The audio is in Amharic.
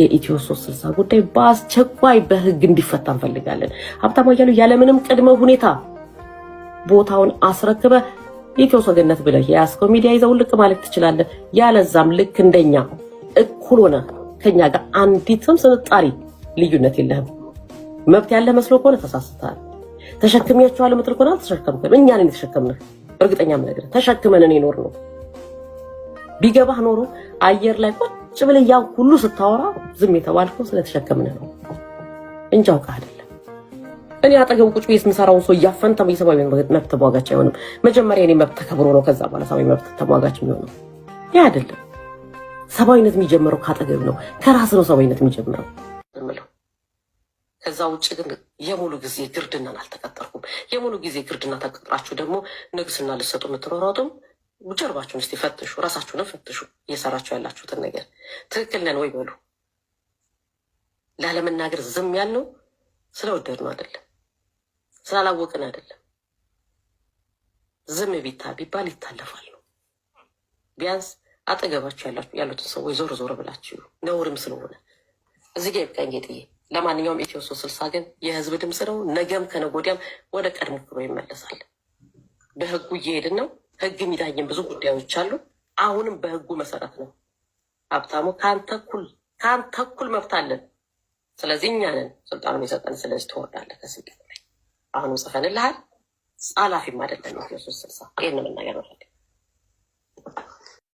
የኢትዮ ሶስት ስልሳ ጉዳይ በአስቸኳይ በህግ እንዲፈታ እንፈልጋለን። ሀብታሙ አያሌው ያለምንም ቅድመ ሁኔታ ቦታውን አስረክበ የኢትዮ ሰገነት ብለህ የያዝከው ሚዲያ ይዘው ልቅ ማለት ትችላለህ። ያለዛም ልክ እንደኛ እኩል ሆነ ከኛ ጋር አንዲትም ስንጣሪ ልዩነት የለህም። መብት ያለ መስሎ ከሆነ ተሳስተሃል። ተሸክሚያቸዋል ምትል ከሆነ አልተሸከምክም። እኛ ነን የተሸከምንህ። እርግጠኛ ምነግርህ ተሸክመንን የኖር ነው። ቢገባህ ኖሮ አየር ላይ ቁጭ ብለህ ያ ሁሉ ስታወራ ዝም የተባልከው ስለተሸከምን ነው እንጂ አውቀህ አይደለም። እኔ አጠገብ ቁጭ ቤት የምሰራውን ሰው እያፈንታ የሰብአዊ መብት ተሟጋች አይሆንም። መጀመሪያ እኔ መብት ተከብሮ ነው ከዛ በኋላ ሰብአዊ መብት ተሟጋች የሚሆነው። ይህ አይደለም። ሰብአዊነት የሚጀምረው ከአጠገብ ነው፣ ከራስ ነው ሰብአዊነት የሚጀምረው። ከዛ ውጭ ግን የሙሉ ጊዜ ግርድናን አልተቀጠርኩም። የሙሉ ጊዜ ግርድና ተቀጥራችሁ ደግሞ ንግስና ልሰጡ የምትሯሯጡም ጀርባችሁን እስቲ ፈትሹ፣ ራሳችሁንም ፈትሹ። እየሰራችሁ ያላችሁትን ነገር ትክክል ነን ወይ በሉ። ላለመናገር ዝም ያልነው ስለወደድ ነው አይደለም፣ ስላላወቅን አይደለም። ዝም ቢታ ቢባል ይታለፋል ነው። ቢያንስ አጠገባችሁ ያሉትን ሰዎች ዞር ዞር ብላችሁ ነውርም ስለሆነ እዚህ ጋ ይብቃኝ ጌጥዬ። ለማንኛውም ኢትዮ ሶስት ስልሳ ግን የህዝብ ድምፅ ነው። ነገም ከነጎዲያም ወደ ቀድሞ ክብሮ ይመለሳል። በህጉ እየሄድን ነው። ህግ የሚዳኝም ብዙ ጉዳዮች አሉ። አሁንም በህጉ መሰረት ነው። ሀብታሙ ከአንተ እኩል መብት አለን። ስለዚህ እኛንን ስልጣኑን የሰጠን ስለዚህ ትወርዳለህ ከስልጣን ላይ አሁንም ጽፈንልሃል ጻላፊም አይደለም ኢየሱስ ስልሳ ይህን መናገር መፈል